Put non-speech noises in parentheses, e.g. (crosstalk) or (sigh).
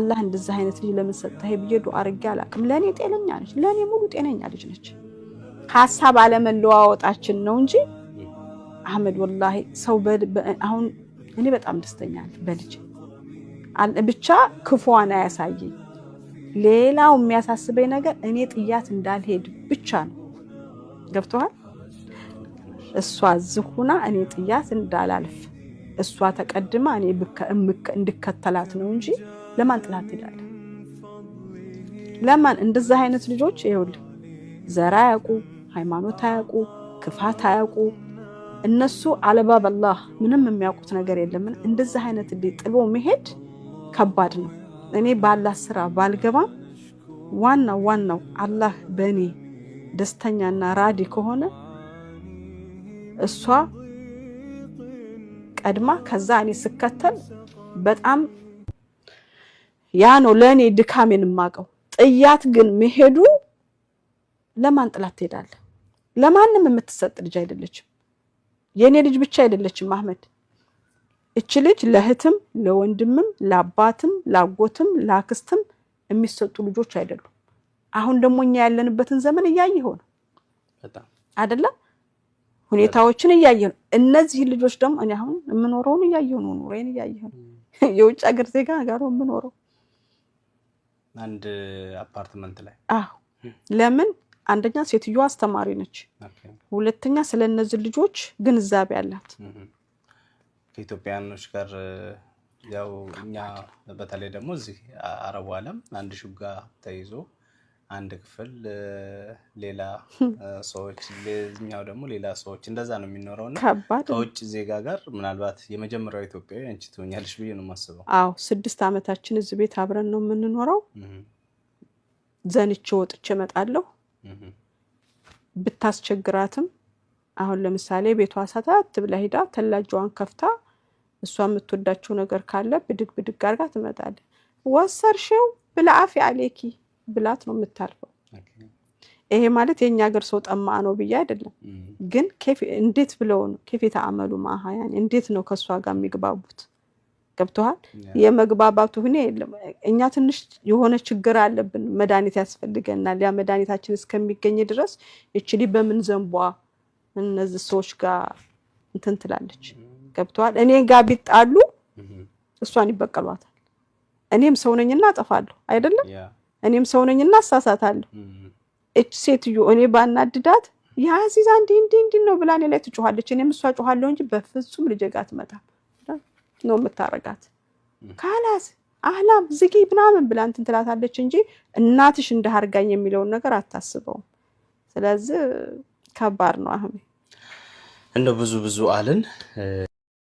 አላህ እንደዚህ አይነት ልጅ ለምን ሰጠህ ብዬ አላቅም አላውቅም። ለእኔ ጤነኛ ነች፣ ለእኔ ሙሉ ጤነኛ ልጅ ነች። ሀሳብ አለመለዋወጣችን ነው እንጂ አህመድ ወላሂ ሰው አሁን እኔ በጣም ደስተኛ በልጅ ብቻ ክፉዋን አያሳየኝ። ሌላው የሚያሳስበኝ ነገር እኔ ጥያት እንዳልሄድ ብቻ ነው። ገብተዋል እሷ ዝሁና እኔ ጥያት እንዳላልፍ እሷ ተቀድማ እኔ እንድከተላት ነው እንጂ ለማን ጥላት ትሄዳለህ? ለማን እንደዛ አይነት ልጆች ይኸውልህ ዘራ አያውቁ፣ ሃይማኖት አያውቁ፣ ክፋት አያውቁ። እነሱ አለባብ አላህ ምንም የሚያውቁት ነገር የለምን። እንደዛ አይነት ጥሎ መሄድ ከባድ ነው። እኔ ባላት ስራ ባልገባም ዋናው ዋናው አላህ በእኔ ደስተኛና ራዲ ከሆነ እሷ ቀድማ ከዛ እኔ ስከተል በጣም ያ ነው ለእኔ ድካሜን የማውቀው። ጥያት ግን መሄዱ ለማን ጥላት ትሄዳለህ? ለማንም የምትሰጥ ልጅ አይደለችም። የእኔ ልጅ ብቻ አይደለችም አህመድ። እች ልጅ ለእህትም፣ ለወንድምም፣ ለአባትም፣ ለአጎትም፣ ለአክስትም የሚሰጡ ልጆች አይደሉም። አሁን ደግሞ እኛ ያለንበትን ዘመን እያየኸው ነው አይደለም? ሁኔታዎችን እያየሁ ነው። እነዚህ ልጆች ደግሞ እኔ አሁን የምኖረውን እያየሁ ነው። ኑሮዬን እያየሁ ነው። የውጭ ሀገር ዜጋ ጋር የምኖረው አንድ አፓርትመንት ላይ አዎ። ለምን አንደኛ ሴትዮዋ አስተማሪ ነች፣ ሁለተኛ ስለ እነዚህ ልጆች ግንዛቤ አላት። ከኢትዮጵያኖች ጋር ያው እኛ በተለይ ደግሞ እዚህ አረቡ ዓለም አንድ ሹጋ ተይዞ አንድ ክፍል ሌላ (laughs) ሰዎች፣ ሌላኛው ደግሞ ሌላ ሰዎች፣ እንደዛ ነው የሚኖረው እና ከውጭ ዜጋ ጋር ምናልባት የመጀመሪያው ኢትዮጵያዊ አንቺ ትሆኛለሽ ብዬ ነው የማስበው። አዎ ስድስት ዓመታችን እዚህ ቤት አብረን ነው የምንኖረው። ዘንቼ ወጥቼ እመጣለሁ። ብታስቸግራትም አሁን ለምሳሌ ቤቷ ሳታት ብላ ሂዳ ተላጇዋን ከፍታ እሷ የምትወዳቸው ነገር ካለ ብድግ ብድግ አርጋ ትመጣለ። ወሰርሽው ብላ አፍ አሌኪ ብላት ነው የምታልፈው። ይሄ ማለት የእኛ ሀገር ሰው ጠማ ነው ብዬ አይደለም፣ ግን እንዴት ብለው ነው ኬፌታ አመሉ ማሀያን እንዴት ነው ከእሷ ጋር የሚግባቡት? ገብተዋል። የመግባባቱ ሁኔ የለም። እኛ ትንሽ የሆነ ችግር አለብን፣ መድኃኒት ያስፈልገናል። ያ መድኃኒታችን እስከሚገኝ ድረስ እችሊ በምን ዘንቧ እነዚህ ሰዎች ጋር እንትን ትላለች። ገብተዋል። እኔ ጋር ቢጣሉ እሷን ይበቀሏታል። እኔም ሰው ነኝና አጠፋለሁ አይደለም እኔም ሰው ነኝ ነኝና አሳሳታለሁ። እች ሴትዮ እኔ ባናድዳት የአዚዛ እንዲህ እንዲህ እንዲህ ነው ብላ እኔ ላይ ትጮኋለች። እኔም እሷ ጮኋለሁ እንጂ በፍጹም ልጄ ጋ አትመጣም ነው የምታረጋት። ካላስ አህላም ዝጊ ምናምን ብላ እንትን ትላታለች እንጂ እናትሽ እንደ አርጋኝ የሚለውን ነገር አታስበውም። ስለዚህ ከባድ ነው አሁን እንደ ብዙ ብዙ አልን።